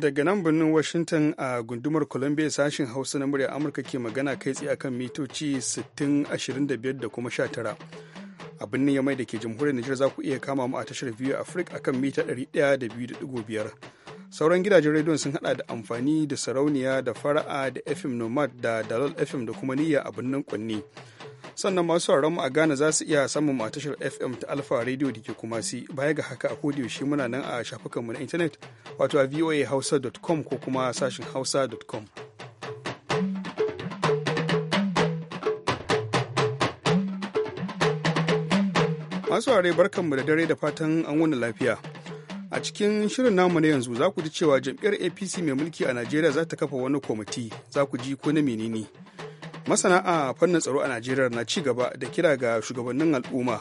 daga nan birnin washington a gundumar columbia sashen hausa na murya amurka ke magana kai tsaye akan mitoci 6025 da kuma 19 a birnin yamai da ke jamhuriyar nijar za ku iya kama mu a tashar biyu afirka akan mita 102.5 sauran gidajen rediyon sun hada da amfani da sarauniya da fara'a da fm nomad da dalol fm da kuma niyya a birnin kwanni sannan masu sauraron mu a Ghana za su iya samun mu a tashar FM ta Alpha Radio da ke kuma si baya ga haka a shi muna nan a shafukan mu na intanet wato a voahausa.com ko kuma sashin hausa.com masu ware barkanmu da dare da fatan an wani lafiya a cikin shirin namu na yanzu za ku ji cewa jam'iyyar apc mai mulki a najeriya za ta kafa wani kwamiti za ku ji ko na menene masana a fannin tsaro a najeriya na ci gaba da kira ga shugabannin al'umma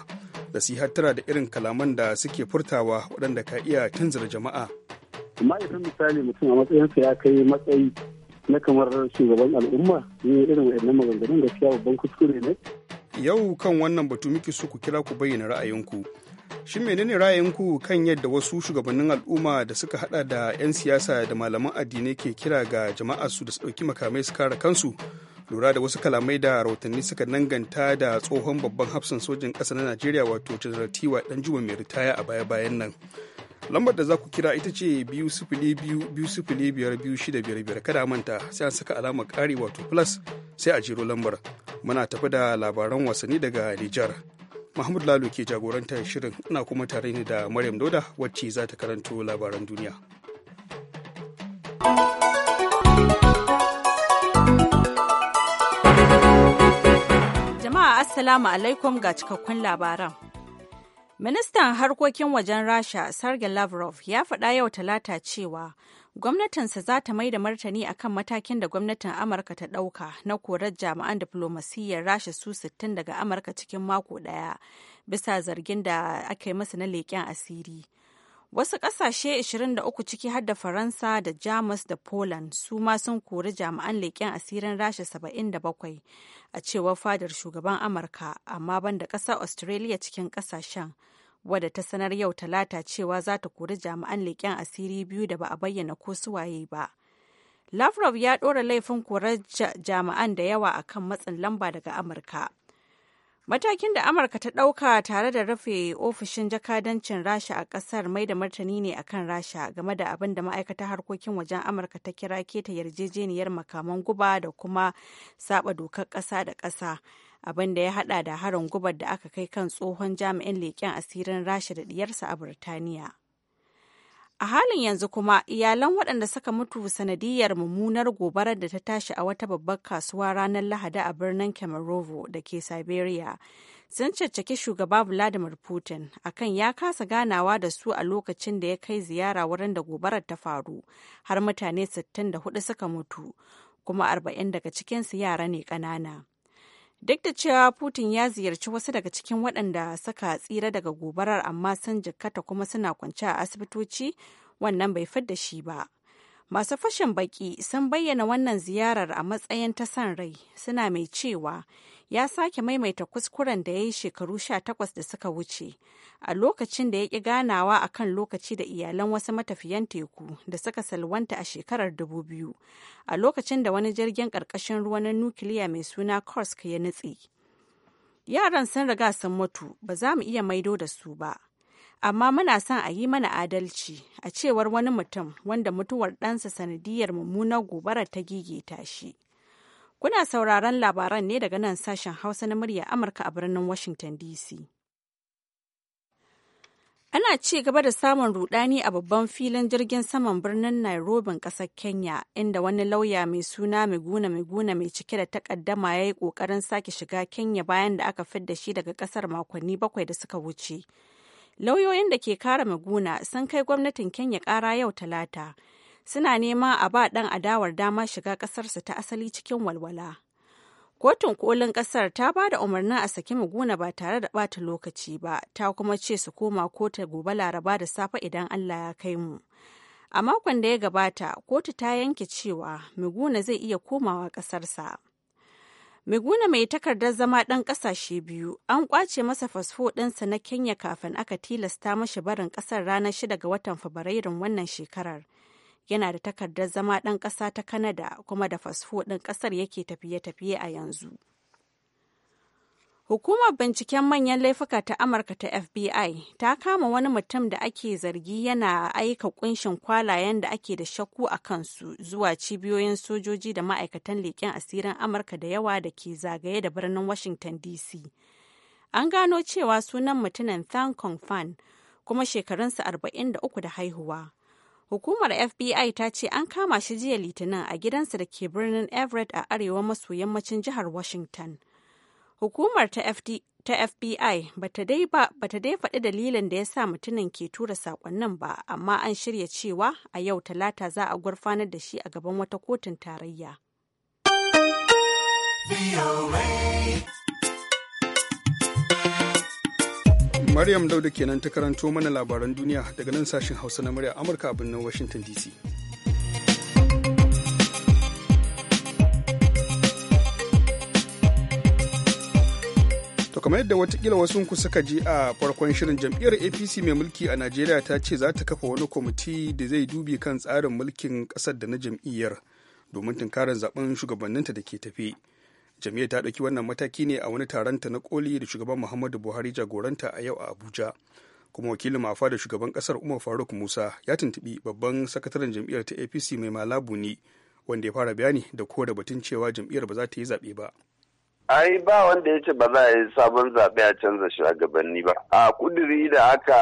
da su da irin kalaman da suke furtawa waɗanda ka iya tunzura jama'a amma misali mutum a matsayinsa ya kai matsayi na kamar shugaban al'umma ne irin waɗannan maganganun gaskiya babban kuskure ne yau kan wannan batu muke so ku kira ku bayyana ra'ayinku Shin menene ra'ayinku kan yadda wasu shugabannin al'umma da suka hada da 'yan siyasa da malaman addinai ke kira ga jama'a su da su ɗauki makamai su kare kansu? Lura da wasu kalamai da rahotanni suka danganta da tsohon babban hafsan sojin ƙasa na Najeriya wato General Tiwa juma mai ritaya a baya-bayan nan. Lambar da za ku kira ita ce biyu sifili biyu biyu sifili biyar biyu shida biyar kada manta sai an saka alamar kari wato plus sai a jiro lambar. Muna tafi da labaran wasanni daga Nijar. Mahmud Lalo ke jagorantar shirin ina kuma tare ni da Maryam Dauda wacce za ta karanto labaran duniya. Jama'a Assalamu alaikum ga cikakkun labaran. Ministan harkokin wajen Rasha Sergei Lavrov ya faɗa yau talata cewa gwamnatinsa za ta mai da martani akan matakin da gwamnatin amurka ta ɗauka na korar jami'an diflomasiyyar rasha su 60 daga amurka cikin mako ɗaya bisa zargin da aka yi masa na leƙen asiri wasu ƙasashe 23 ciki har da faransa da jamus da poland su ma sun kori jami'an leƙen asirin rasha 77 a cewar fadar shugaban amurka amma ban da ƙasar australia cikin ƙasashen wadda ta sanar yau talata cewa za ta kori jami'an leƙen asiri biyu da ba a bayyana ko suwaye ba. Lavrov ya ɗora laifin korar jami'an da yawa akan matsin lamba daga Amurka. Matakin da Amurka ta ɗauka tare da rufe ofishin jakadancin Rasha a ƙasar mai da martani ne akan Rasha game da abin da ma'aikatar harkokin wajen Amurka ta kira keta yarjejeniyar makaman guba da kuma saba dokar ƙasa da ƙasa. abin da ya hada da harin gubar da aka kai kan tsohon jami'in leƙen asirin rasha da diyarsa a burtaniya a halin yanzu kuma iyalan waɗanda suka mutu sanadiyar mummunar gobarar da ta tashi a wata babbar kasuwa ranar lahadi a birnin kemerovo da ke siberia sun caccaki shugaba vladimir putin akan ya kasa ganawa da su a lokacin da ya kai ziyara wurin da gobarar ta faru har mutane 64 suka mutu kuma 40 daga cikinsu yara ne ƙanana Duk da cewa Putin ya ziyarci wasu daga cikin waɗanda suka tsira daga gobarar amma sun jikkata kuma suna kwance a asibitoci wannan bai fadda shi ba. Masu fashin baki sun bayyana wannan ziyarar a matsayin ta san rai suna mai cewa ya sake maimaita kuskuren da ya yi shekaru takwas da suka wuce a lokacin da ya ƙi ganawa a kan lokaci da iyalan wasu matafiyan teku da suka salwanta a shekarar dubu biyu, a lokacin da wani jirgin ƙarƙashin ruwa na nukiliya mai suna kursk ya nutse yaran sun riga sun mutu ba za mu iya maido da su ba amma muna son a yi mana adalci a cewar wani mutum wanda mutuwar ɗansa sanadiyar mummunar gobara ta gigita shi Kuna sauraron labaran ne daga nan sashen Hausa na murya Amurka a birnin Washington DC. Ana ci gaba da samun rudani a babban filin jirgin saman birnin Nairobi ƙasar Kenya, inda wani lauya mai suna Miguna Miguna mai cike da takaddama ya yi ƙoƙarin sake shiga Kenya bayan da aka fidda shi daga ƙasar makonni bakwai da suka wuce. Lauyoyin da ke kare Miguna sun kai gwamnatin Kenya ƙara yau Talata. suna nema a ba ɗan adawar dama shiga ƙasarsa ta asali cikin walwala. Kotun kolin ƙasar ta ba da umarnin a saki muguna ba tare da bata lokaci ba, ta kuma ce su koma kotu gobe laraba da safe idan Allah ya kai mu. A makon da ya gabata, kotu ta yanke cewa muguna zai iya komawa ƙasarsa. Miguna mai takardar zama ɗan ƙasashe biyu, an ƙwace masa fasfo ɗinsa na Kenya kafin aka tilasta mashi barin ƙasar ranar 6 ga watan Fabrairun wannan shekarar, yana da takardar zama ɗan ƙasa ta kanada kuma da fasfo ɗin ƙasar yake tafiye-tafiye a yanzu. Hukumar binciken manyan laifuka ta Amurka ta FBI ta kama wani mutum da ake zargi yana aika kunshin kwalayen da ake da shakku a kansu zuwa cibiyoyin sojoji da ma'aikatan leƙen asirin Amurka da yawa da ke zagaye da birnin Washington DC. An gano cewa sunan mutumin Thang Kong Fan kuma shekarunsa uku da haihuwa. Hukumar FBI ta ce an kama shi jiya Litinin a gidansa da ke birnin Everett a arewa maso yammacin jihar Washington. Hukumar ta, FD, ta FBI ta dai faɗi dalilin da ya sa mutumin ke tura saƙonnin ba, amma an shirya cewa a yau talata za a gurfanar da shi a gaban wata kotun tarayya. Maryam Dauda kenan ta karanto mana labaran duniya daga nan sashen Hausa na murya Amurka a birnin Washington DC. kamar yadda watakila wasu ku suka ji a farkon shirin jam'iyyar APC mai mulki a Najeriya ta ce za ta kafa wani kwamiti da zai dubi kan tsarin mulkin ƙasar da na jam'iyyar domin tunkarar zaben shugabanninta da ke tafe. jami'a ta ɗauki wannan mataki ne a wani taronta na koli da shugaban muhammadu buhari jagoranta a yau a abuja kuma wakilin mafa da shugaban ƙasar umar faruk musa ya tuntuɓi babban sakataren jam'iyyar ta apc mai malabu ne wanda ya fara bayani da ko da batun cewa jam'iyyar ba za ta yi zaɓe ba ai ba wanda ya ce ba za a yi sabon zaɓe a canza shugabanni ba a kuduri da aka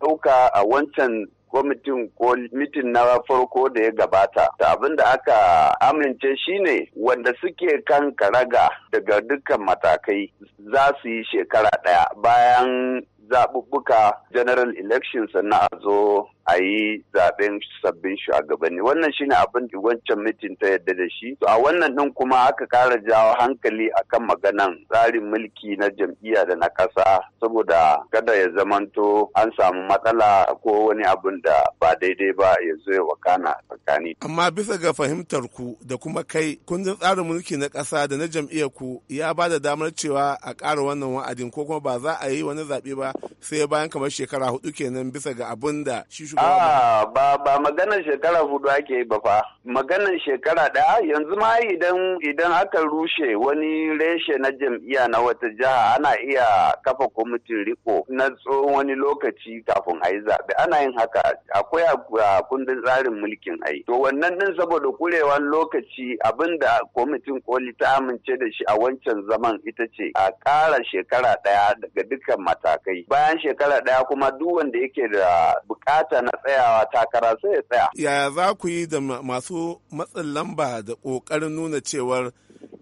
ɗauka a wancan kwamitin ko mitin na farko da ya gabata ta abin da aka amince shi ne, wanda suke kan karaga daga dukkan matakai za su yi shekara ɗaya bayan zaɓuɓɓuka general election sannan a zo a yi zaɓen sabbin shugabanni wannan shine abin da wancan mitin ta yadda da shi a wannan ɗin kuma aka ƙara jawo hankali a kan maganan tsarin mulki na jam'iyya da na ƙasa saboda kada ya zamanto an samu matsala ko wani abin da ba daidai ba ya zo ya wakana tsakani. amma bisa ga fahimtar ku da kuma kai kundin tsarin mulki na ƙasa da na jam'iyyar ku ya ba da damar cewa a ƙara wannan wa'adin ko kuma ba za a yi wani zaɓe ba sai bayan kamar shekara hudu kenan bisa ga abun da shi shugaba ah, ba ba maganar shekara hudu ake ba fa maganar shekara daya yanzu ma idan idan aka rushe wani reshe na jam'iyya na wata jiha ana iya kafa kwamitin riko na tsohon wani lokaci kafin a yi zaɓe ana yin haka akwai a kundin tsarin mulkin ai to wannan din saboda kurewan lokaci abin da kwamitin koli ta amince da shi a wancan zaman ita ce a ƙara shekara ɗaya daga dukkan matakai Eh, bayan shekara ɗaya kuma duk wanda yake da bukata na tsayawa takara sai ya tsaya yaya za ku yi da masu matsin lamba da ƙoƙarin nuna cewar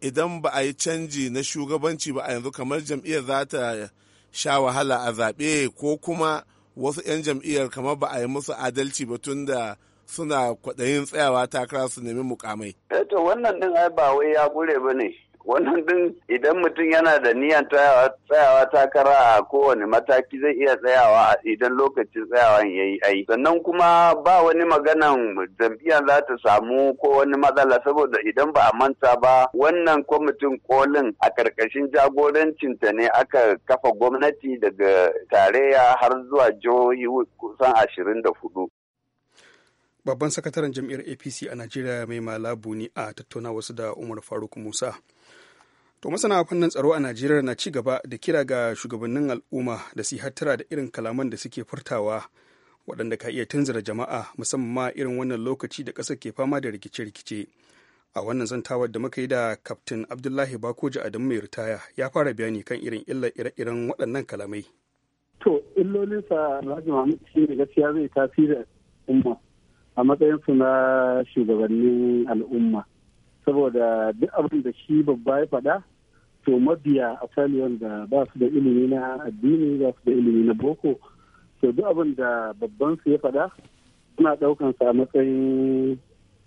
idan ba a yi canji na shugabanci ba a yanzu kamar jam'iyyar za ta sha wahala a zaɓe ko kuma wasu 'yan jam'iyyar kamar ba a yi musu adalci ba tun da suna kwaɗayin tsayawa takara su nemi mukamai. Eto eh, wannan ɗin ai ba wai ya gure ba ne. wannan din idan mutum yana da niyan tsayawa takara a kowane mataki zai iya tsayawa idan lokacin tsayawan ya yi ai sannan kuma ba wani maganan jam'iyya za ta samu ko wani matsala saboda idan ba a manta ba wannan kwamitin kolin a karkashin jagorancin ta ne aka kafa gwamnati daga tarayya har zuwa jihohi kusan ashirin da hudu babban sakataren jam'iyyar apc a najeriya mai malabu ne a tattauna wasu da umar faruk musa To masana fannin tsaro a Najeriya na ci gaba da kira ga shugabannin al'umma da su hattara da irin kalaman da suke furtawa waɗanda ka iya tunzura jama'a musamman ma irin wannan lokaci da ƙasar ke fama da rikice-rikice. A wannan zantawar da muka yi da Kaftin Abdullahi Bakoji Adamu mai ritaya ya fara bayani kan irin illar ire-iren waɗannan kalamai. To illolinsa Alhaji Mahmud shi ne gaskiya zai tasiri umma a matsayinsu na shugabannin al'umma. saboda duk abin da shi babba ya faɗa to mabiya a asali da ba su da ilimi na addini ba su da ilimi na boko to duk abin da babban su ya faɗa suna ɗaukan sa matsayin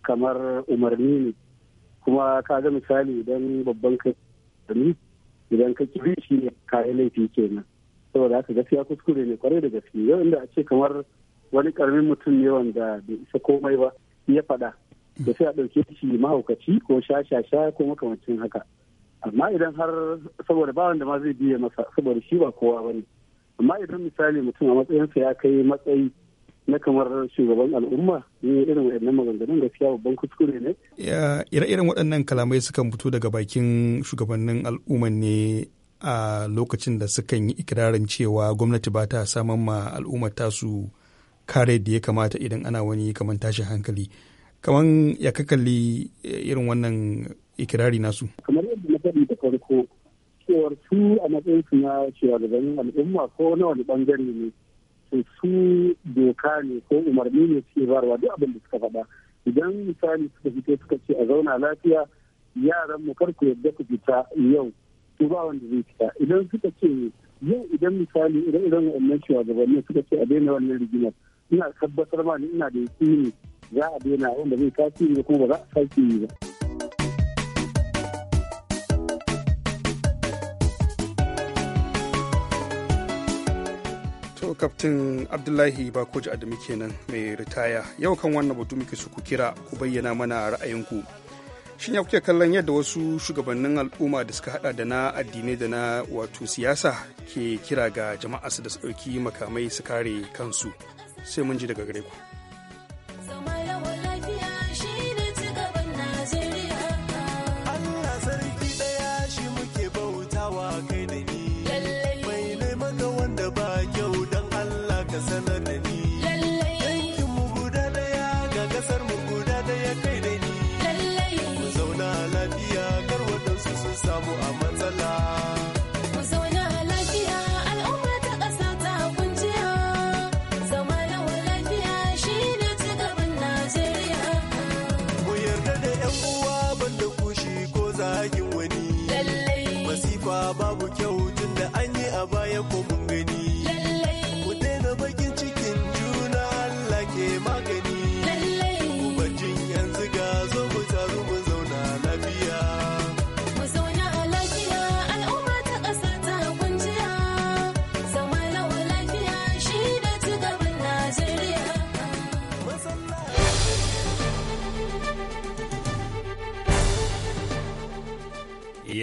kamar umarni ne kuma ka ga misali idan babban ka idan ka kiri shi ne yi laifi kenan saboda haka gaskiya kuskure ne kwarai da gaske yau inda a ce kamar wani karamin mutum ne wanda bai isa komai ba ya faɗa da sai a ɗauke shi mahaukaci ko shashasha ko makamancin haka amma idan har saboda ba wanda ma zai biya masa saboda shi ba kowa ba ne amma idan misali mutum a matsayinsa ya kai matsayi na kamar shugaban al'umma ne irin waɗannan maganganun gaskiya babban kuskure ne. ire-iren waɗannan kalamai sukan fito daga bakin shugabannin al'umma ne a lokacin da sukan yi ikirarin cewa gwamnati ba ta saman ma al'ummar tasu kare da ya kamata idan ana wani kamar tashin hankali. kawan ya kakalli eh, irin wannan ikirari nasu kamar yadda na faɗi da farko cewar su a matsayin su na shugabannin al'umma ko na wani bangare ne to su doka ne ko umarni ne su suke barwa duk abin da suka faɗa idan misali suka fito suka ce a zauna lafiya yaran mu kar ku yadda ku fita yau su ba wanda zai fita idan suka ce yau idan misali idan idan wannan shugabanni suka ce a daina wannan rigimar ina tabbatar ma ni ina da ne za a daina wanda zai ne kuma ba za a yi ba. kaftin abdullahi bakoji adamu kenan mai ritaya yau kan wannan batu muke su ku kira ku bayyana mana ra'ayinku shin ya kuke kallon yadda wasu shugabannin al'umma da suka hada da na addinai da na wato siyasa ke kira ga jama'a su da su makamai su kare kansu sai mun ji daga gare ku.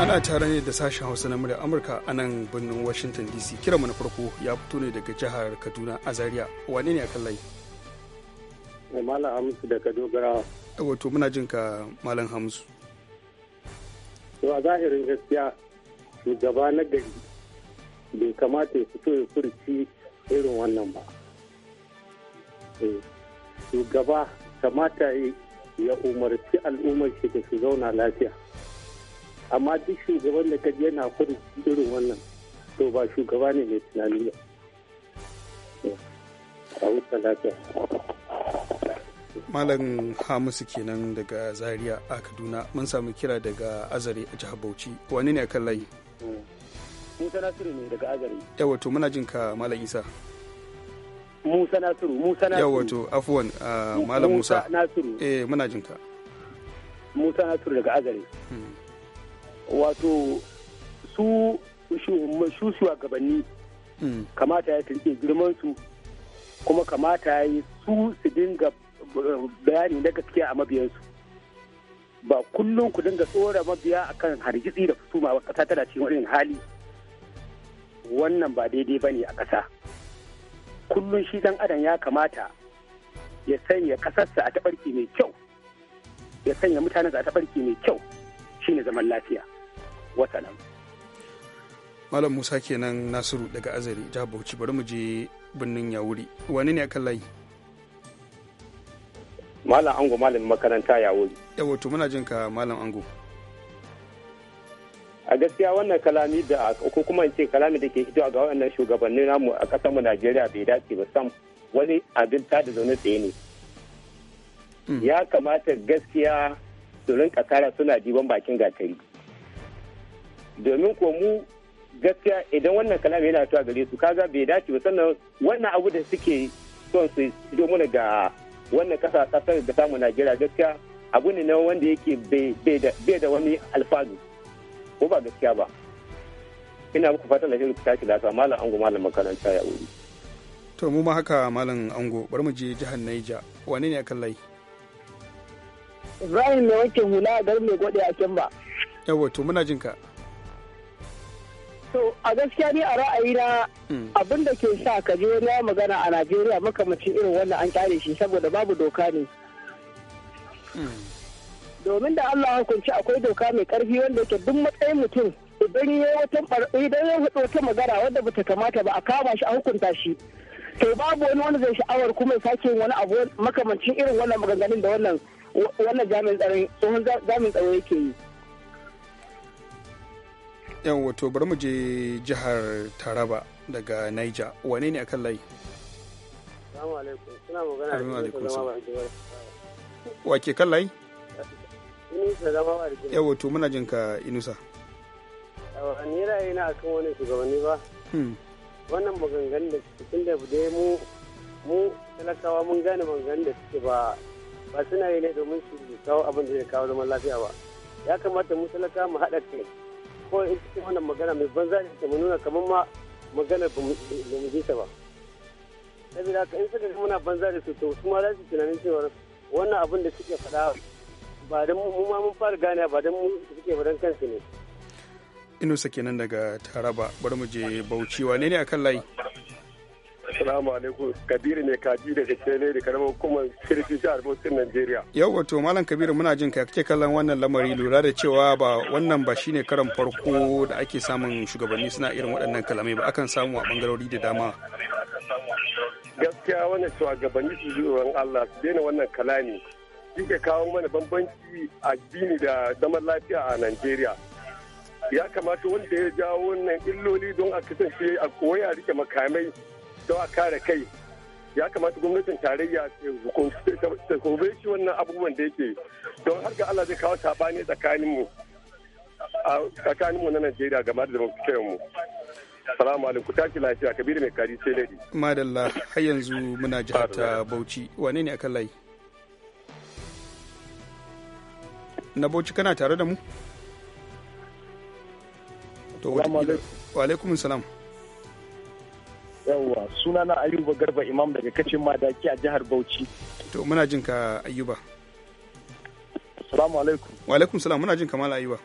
ana tare ne da sashen hausa na murya amurka a nan birnin washington dc kiran na farko ya fito ne daga jihar kaduna a zaria wane ne a kan layi wato muna jin ka malam hamsu to a zahirin gaskiya shugaba na gari bai kamata ya fito ya furci irin wannan ba eh, shugaba kamata ya umarci al'ummar shi da su zauna lafiya amma duk shugaban da ka je yana kudu irin wannan to ba shugaba ne mai tunani ba a wuta lafiya malam hamisu kenan daga zaria a kaduna mun samu kira daga azare a jihar bauchi wani ne a kan layi musa nasiru ne daga azare yawa to muna jin ka malam isa musa nasiru musa nasiru yawa to afuwan uh, malam musa nasiru eh muna jin ka musa nasiru daga azare hmm. wato su su shugabanni hmm. kamata ya girman girmansu kuma kamata ya yi su su dinga eh, bayani na gaskiya a mabiyansu ba kullum ku dinga tsora mabiya akan hargitsi da fusuma ba kasa tana cikin wani hali wannan ba daidai ba ne a ƙasa kullum shi dan adam ya kamata ya sanya ƙasarsa a taɓarki mai kyau ya sanya mutanen a taɓarki mai kyau shine zaman lafiya wata nan malam musa kenan nasiru daga azari jihar bauchi bari mu je birnin yawuri wani ne akan layi malam ango Malam makaranta yawuri yawa to muna jin ka malam ango a gaskiya wannan kalami da ko kuma ce kalami da ke fitowa ga wannan shugabannin namu a kasar mu Najeriya bai dace ba sam wani abin ta da zaune tsaye ne mm. ya kamata gaskiya su rinka kara suna diban bakin gatari domin ko mu gaskiya idan wannan kalama yana tuwa gare su kaga bai dace ba sannan wannan abu da suke son su domin ga wannan kasa kasar da samu najeriya gaskiya abu ne na wanda yake bai da wani alfanu ko ba gaskiya ba ina muku fatan da shirin tashi lafiya malam ango malam makaranta ya wuri to mu ma haka malam ango bari mu je jihar naija wane ne akan layi ibrahim mai wanke hula a garin mai gode a ba. yawwa to muna jin ka To a gaskiya ne a ra'ayina hmm. abin da ke sa ka je wani magana a Najeriya makamacin irin wannan an kyale shi saboda babu doka ne. Hmm. Domin da Allah hukunci akwai doka mai karfi wanda yake duk matsayin mutum idan ya wata idan ya wata magana wadda bata kamata ba a kama shi a hukunta shi. To babu wani wanda zai sha'awar kuma ya sake wani abu makamancin irin wannan maganganun da wannan wannan jami'in tsaro yake yi. yan wato bari mu je jihar taraba daga niger wane ne akan layi salamu alaikum suna magana wa ke kan layi inusa zama ba da yawa to muna jinka inusa yawa ni ra'ayi na akan wani shugabanni ba hmm. wannan maganganun da suke tun da bude mu mu talakawa mun gane maganganun da suke ba ba suna yi ne domin su kawo abin da ya kawo zaman lafiya ba ya kamata mu talakawa mu haɗa kai ko in cikin wannan magana mai banza ne ta nuna kamar ma magana ba mu ji ta ba saboda haka in suka muna banza da su to su ma za su tunanin cewa wannan abin da suke faɗa ba don mu ma mun fara gane ba don mu suke ba don kansu ne inusa kenan daga taraba bari mu je bauchi wane ne akan layi Assalamu alaikum Kabiru ne kaji daga Cele da karamar hukumar Kirfi jihar Bautin Najeriya. Yau wato Malam Kabiru muna jin kai kake kallon wannan lamari lura da cewa ba wannan ba shine karan farko da ake samun shugabanni suna irin waɗannan kalamai ba akan samu a bangarori da dama. Gaskiya wannan shugabanni su zuwa wani Allah su daina wannan kalami. Shi ke kawo mana bambanci addini da zaman lafiya a Najeriya. Ya kamata wanda ya jawo wannan illoli don a kasance a koya rike makamai don a kare kai ya kamata gwamnatin tarayya ta kore shi wannan abubuwan da yake don har ga Allah zai kawo sabani tsakaninmu a tsakaninmu na Najeriya game da mu. Salamu alaikum tashi lafiya Kabiru mai kari sai ladi. Madalla har yanzu muna jihar ta Bauchi wane ne akan layi? Na Bauchi kana tare da mu? To wa alaikum salam. yawwa suna na ayuba garba imam daga kacin madaki a jihar bauchi to muna jin ka ayuba assalamu alaikum wa alaikum salam muna jin kamala ayuba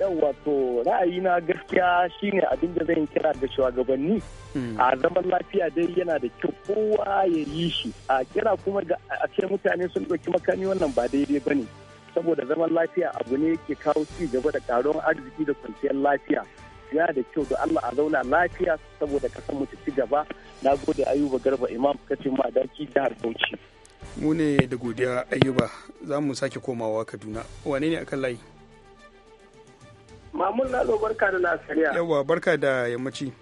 yawwa to ra'ayina gaskiya shine abin da zan kira ga shugabanni hmm. a zaman lafiya dai yana da kyau kowa ya yi shi a kira kuma da a ce mutane sun ɗauki makami wannan ba daidai ba ne. saboda zaman lafiya abu ne ke kawo ci gaba da karuwar arziki da kwanciyar lafiya ja da kyau da Allah a zauna lafiya saboda san mutu ci gaba na gode ayuba garba imam kace ma daki jihar bauchi mu ne da godiya ayuba za mu sake komawa kaduna wane ne akan layi mamun lalo barka da lasariya yawa barka da yammaci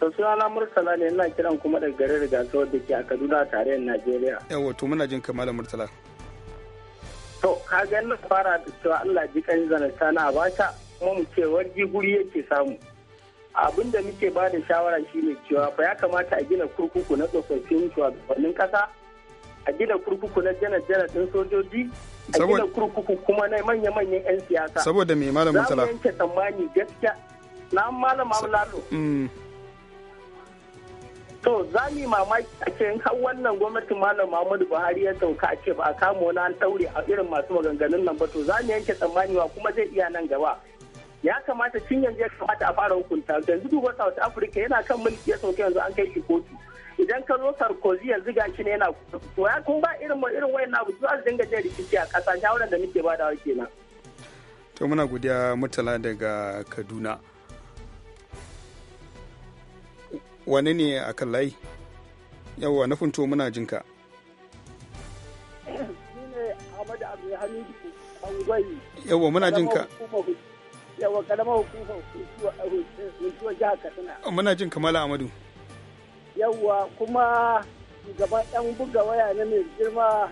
sosai ala murtala ne ina kiran kuma daga garin rigasawar da ke a kaduna tarayyar najeriya yawa to muna jin kamala murtala to kaga na fara da cewa allah ji kan zanata na abata kuma mu ce warji guri yake samu abin da muke ba da shawara shine cewa fa ya kamata a gina kurkuku na tsofaffin shugabannin kasa a gina kurkuku na janar-janar ɗin sojoji a gina kurkuku kuma na manya-manyan 'yan siyasa saboda mai malam mutala za mu yanke tsammani gaskiya na malam lalo mm. to za mu yi mamaki a ce har wannan gwamnatin malam muhammadu buhari ya sauka a ce ba a kama wani an taure a irin masu maganganun nan ba to za mu yanke tsammani wa kuma zai iya nan gaba ya kamata tun yanzu ya kamata a fara hukunta yanzu duba South Africa yana kan mulki ya sauka yanzu an kai shi kotu idan ka zo Sarkozy yanzu ga shi ne yana to ya kun ba irin irin wayan abu za su dinga jin rikici a ƙasa shawaran da muke wake na. to muna godiya mutala daga Kaduna wani ne a kan layi yawwa na funto muna jinka yawwa muna jinka yawa karamar hukumar jihar katsina muna jin kamala amadu yawa kuma shugaban yan buga waya na mai girma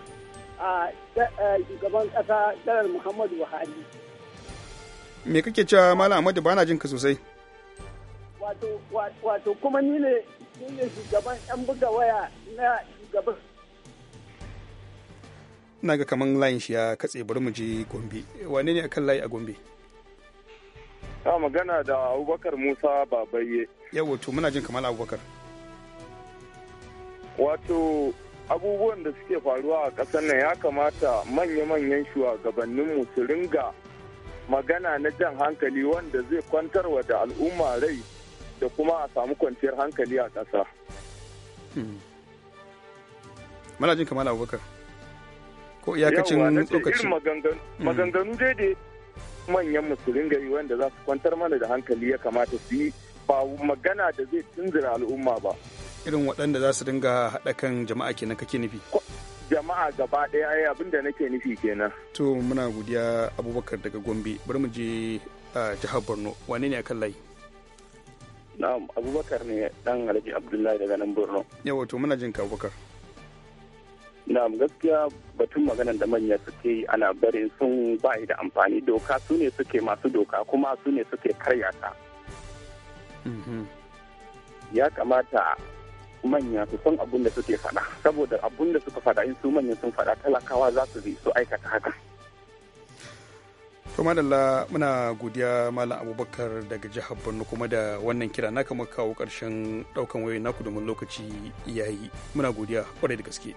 a shugaban kasa janar muhammadu buhari me kake cewa mala amadu ba na jin ka sosai wato kuma ni ne shugaban yan buga waya na shugaban na ga kaman layin shi ya katse bari mu je gombe wane ne akan layi a gombe ta magana da abubakar musa babaye Yau to muna jin kamar abubakar wato abubuwan da suke faruwa a ƙasar nan ya kamata manya-manyan mu su ringa magana na jan hankali wanda zai kwantarwa da al'umma rai da kuma a samu kwanciyar hankali a ƙasa. Hmm. Muna jin kamar abubakar ko iyakacin lokaci. Hmm. maganganu dai da manyan musulun gari wanda za su kwantar mana da hankali ya kamata su yi ba magana da zai tunzura al'umma ba irin waɗanda za su dinga haɗa kan jama'a kenan kake nufi jama'a gaba ɗaya ai abin da nake nufi kenan to muna godiya abubakar daga gombe bari mu je jihar borno wane ne akan layi na'am abubakar ne dan alhaji abdullahi daga nan borno yawa to muna jin ka abubakar naam gaskiya batun maganan da manya suke ana bari sun bayi da amfani doka su ne suke masu doka kuma su ne suke karya ta mhm. ya kamata manya su san abun da suke fada saboda abun da suka fada in su manya sun fada talakawa za su su aikata haka to madalla muna godiya malam abubakar daga jihar borno kuma da wannan kira na kama kawo karshen daukan waye naku domin lokaci yayi muna godiya kwarai da gaske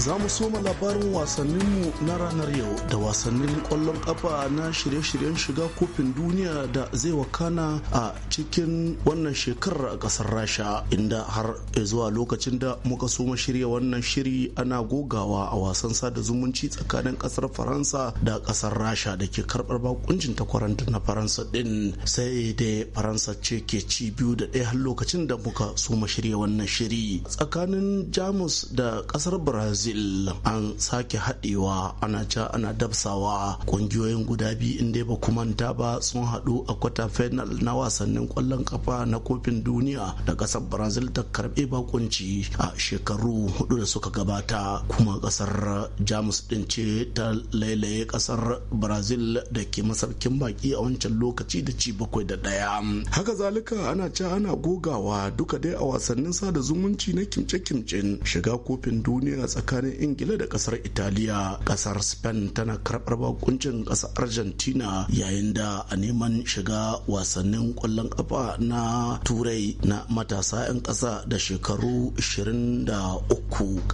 za mu soma labarin wasanninmu na ranar yau da wasannin kwallon kafa na shirye-shiryen shiga kofin duniya da zai wakana a cikin wannan shekarar a kasar rasha inda har zuwa lokacin da muka soma shirya wannan shiri ana gogawa a wasan sada zumunci tsakanin kasar faransa da kasar rasha da ke karbar bakuncin takwaranta na faransa din sai da faransa ce ke ci biyu da ɗaya har lokacin da muka soma shirya wannan shiri tsakanin jamus da kasar brazil brazil an sake haɗewa ana ca ana dabsawa ƙungiyoyin guda biyu inda ba kumanta ba sun haɗu a kwata final na wasannin ƙwallon kafa na kofin duniya da ƙasar brazil ta karɓe bakunci a shekaru hudu da suka gabata kuma ƙasar jamus ɗin ce ta lailaye ƙasar brazil da ke masarkin baki a wancan lokaci da ci bakwai da ɗaya haka zalika ana ca ana gogawa duka dai a wasannin sada zumunci na kimce-kimcen shiga kofin duniya tsakanin tsakanin ingila da kasar italiya kasar spain tana karɓar bakuncin kasar argentina yayin da a neman shiga wasannin kwallon kafa na turai na matasa 'yan ƙasa da shekaru 23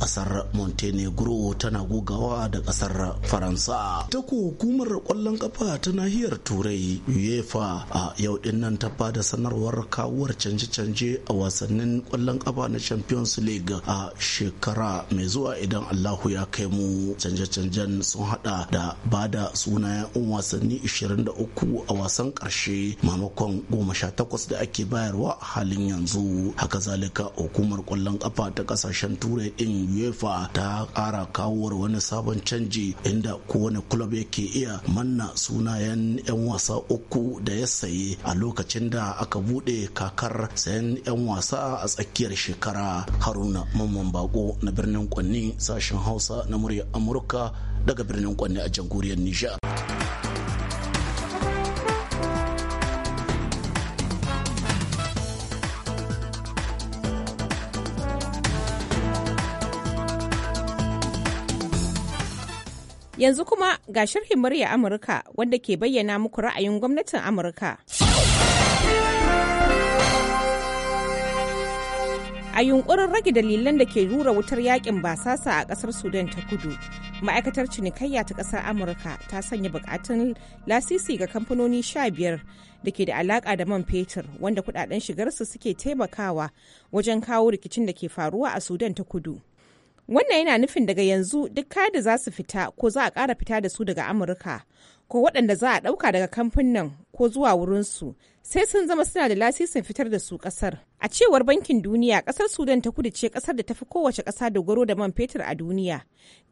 kasar montenegro tana gugawa da kasar faransa ta hukumar kwallon kafa ta nahiyar turai uefa a yau din nan ta bada sanarwar kawuwar canje-canje a wasannin kwallon kafa na champions league a shekara mai zuwa idan idan allahu ya kai mu canje-canjen sun hada da bada da sunayen un wasanni 23 a wasan karshe maimakon 18 da ake bayarwa a halin yanzu haka zalika hukumar kwallon kafa ta kasashen turai din uefa ta kara kawowar wani sabon canji inda kowane club yake iya manna sunayen yan wasa uku da ya saye a lokacin da aka bude kakar sayan yan wasa a tsakiyar shekara haruna mamman bako na birnin kwanni sashen hausa na muryar amurka daga birnin kwanne a jamhuriyar nijar yanzu kuma ga sharhin murya amurka wanda ke bayyana muku ra'ayin gwamnatin amurka a yunkurin rage dalilan da ke rura wutar yakin basasa a kasar sudan ta kudu ma'aikatar cinikayya ta kasar amurka ta sanya bukatun lasisi ga kamfanoni 15 da ke da alaka da man fetur wanda kudaden shigarsu suke taimakawa wajen kawo rikicin da ke faruwa a sudan ta kudu wannan yana nufin daga yanzu duk kada za su fita ko za a ƙara fita da su daga amurka ko waɗanda za a ɗauka daga kamfanin ko zuwa wurinsu sai sun zama suna da lasisin fitar da su kasar. A cewar Bankin Duniya, kasar Sudan ta kudu ce kasar da tafi kowace kasa dogaro da man fetur a duniya.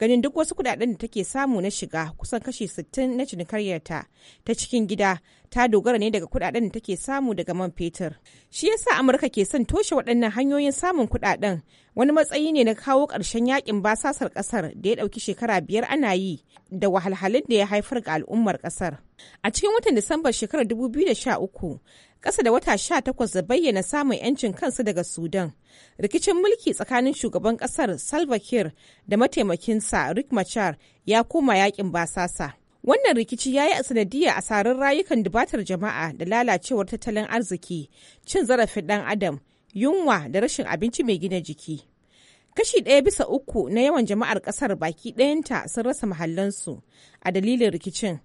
Ganin duk wasu kudaden da take samu na shiga kusan kashi 60 na cinikaryarta ta cikin gida ta dogara ne daga kudaden da take samu daga man fetur. Shi yasa Amurka ke son toshe waɗannan hanyoyin samun kudaden wani matsayi ne na kawo ƙarshen yakin basasar kasar da ya ɗauki shekara biyar ana yi da wahalhalun da ya haifar ga al'ummar kasar. A cikin watan Disambar shekarar 2013, ƙasa da wata sha takwas da bayyana samun 'yancin kansu daga Sudan, rikicin mulki tsakanin shugaban ƙasar Salva Kiir da mataimakinsa Rick Machar ya koma yakin basasa. Wannan rikici ya yi sanadiyya a sarin rayukan dubatar jama'a da lalacewar tattalin arziki, cin zarafin ɗan adam, yunwa da rashin abinci mai gina jiki. kashi ɗaya bisa uku na yawan jama'ar ƙasar baki ɗayanta sun rasa mahallansu a dalilin rikicin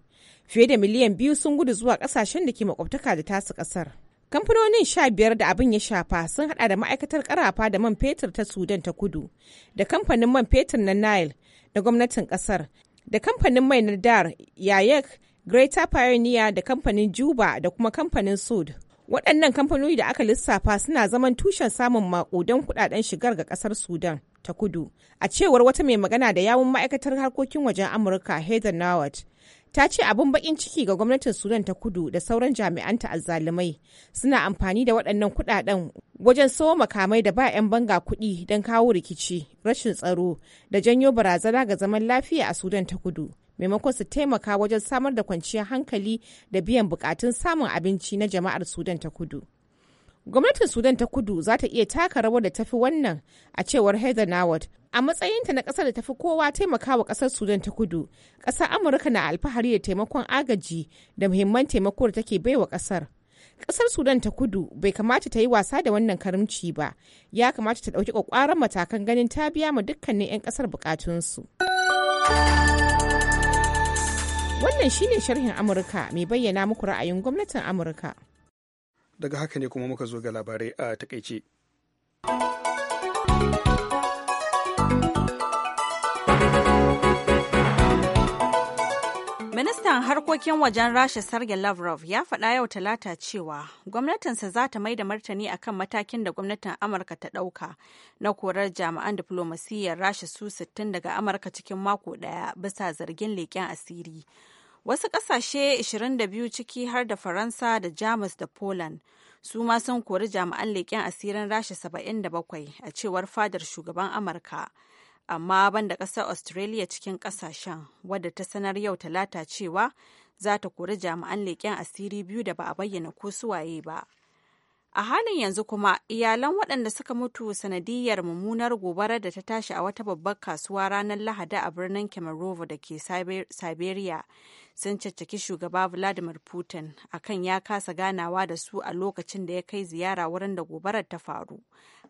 fiye da miliyan biyu sun gudu zuwa kasashen da ke makwabtaka da tasu kasar kamfanonin sha biyar da abin ya shafa sun hada da ma'aikatar karafa da man fetur ta sudan ta kudu da kamfanin man fetur na nile da gwamnatin kasar da kamfanin mai na dar yayek greater pioneer da kamfanin juba da kuma kamfanin sud waɗannan kamfanoni da aka lissafa suna zaman tushen samun maƙudan kuɗaɗen shigar ga ƙasar sudan ta kudu a cewar wata mai magana da yawun ma'aikatar harkokin wajen amurka heather nawat ta ce abin bakin ciki ga gwamnatin sudan ta kudu da sauran jami'an azzalumai suna amfani da waɗannan kuɗaɗen wajen sawo makamai da ba 'yan banga kuɗi don kawo rikici rashin tsaro da janyo barazana ga zaman lafiya a sudan ta kudu maimakon su taimaka wajen samar da kwanciyar hankali da biyan bukatun samun abinci na jama'ar sudan ta kudu Gwamnatin Sudan ta kudu za ta iya taka rawar da tafi wannan a cewar Heather nawad a matsayinta na ƙasar da tafi kowa taimakawa ƙasar Sudan ta kudu. Ƙasar Amurka na alfahari da taimakon agaji da muhimman taimako da take baiwa ƙasar. kasar sudan ta kudu bai kamata ta yi wasa da wannan karimci ba ya kamata ta ɗauki kwakwaran matakan ganin ta biya ma dukkanin 'yan ƙasar bukatunsu wannan shine sharhin amurka mai bayyana muku ra'ayin gwamnatin amurka daga haka ne kuma muka zo ga labarai a takaice Ministan harkokin wajen Rasha sarge Lavrov ya faɗa yau talata cewa gwamnatinsa za ta mai da martani akan matakin da gwamnatin Amurka ta ɗauka na korar jami'an diflomasiyyar Rasha su 60 daga Amurka cikin mako ɗaya bisa zargin leƙen asiri. Wasu ƙasashe 22 ciki har da Faransa da Jamus da Poland su ma sun kori jami'an leƙen asirin Rasha 77 a cewar fadar shugaban Amurka. Amma banda ƙasar Australia cikin ƙasashen wadda ta sanar yau talata cewa za ta kori jami'an leƙen asiri biyu da ba a bayyana ko suwaye ba. A halin yanzu kuma iyalan waɗanda suka mutu sanadiyar mummunar gobarar da ta tashi a wata babbar kasuwa ranar Lahadi a birnin Kemerovo da ke Siberia sun caccaki shugaba vladimir putin akan ya kasa ganawa da su a lokacin da ya kai ziyara wurin da gobarar ta faru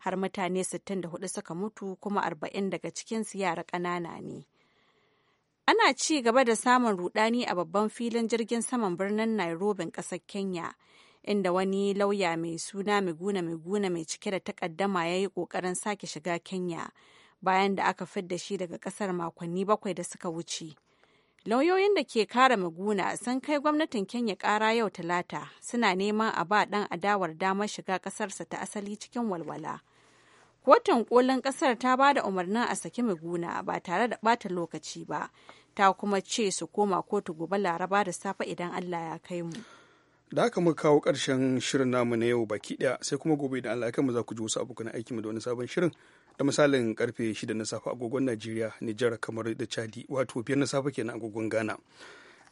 har mutane 64 suka mutu kuma 40 daga cikinsu yara ƙanana ne ana ci gaba da samun rudani a babban filin jirgin saman birnin nairobi ƙasar kenya inda wani lauya mai suna miguna miguna mai cike da takaddama ya yi ƙoƙarin sake shiga kenya bayan da aka fidda shi daga ƙasar makonni bakwai da suka wuce lauyoyin da ke kare maguna sun kai gwamnatin kenya kara yau talata suna neman a ba dan adawar damar shiga kasarsa ta asali cikin walwala kotun kolin kasar ta ba da umarnin a saki maguna ba tare da bata lokaci ba ta kuma ce su koma kotu gobe laraba da safe idan allah ya kai mu da aka mu kawo karshen shirin namu na yau baki daya sai kuma gobe idan allah ya kai mu za ku ji wasu abokan mu da wani sabon shirin da misalin karfe 6 na safe agogon Najeriya, Nijar kamar da Chadi wato biyar na safe kenan agogon Ghana.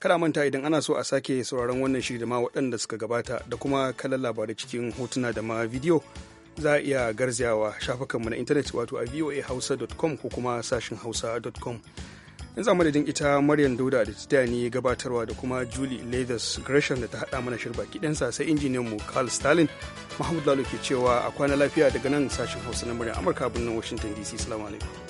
Kada manta idan ana so a sake sauraron wannan shiri da ma waɗanda suka gabata da kuma kallon labarai cikin hotuna da ma bidiyo za a iya garzayawa shafukanmu na intanet wato a voahausa.com ko kuma sashin hausa.com. yanzu madadin ita maryam dauda da ta ne gabatarwa da kuma julie leathers gresham da ta haɗa mana shirba kiɗansa sai mu carl stalin mahmud lalo ke cewa a kwana lafiya daga nan sashen hausa na murya amurka birnin washington dc salamu alaikum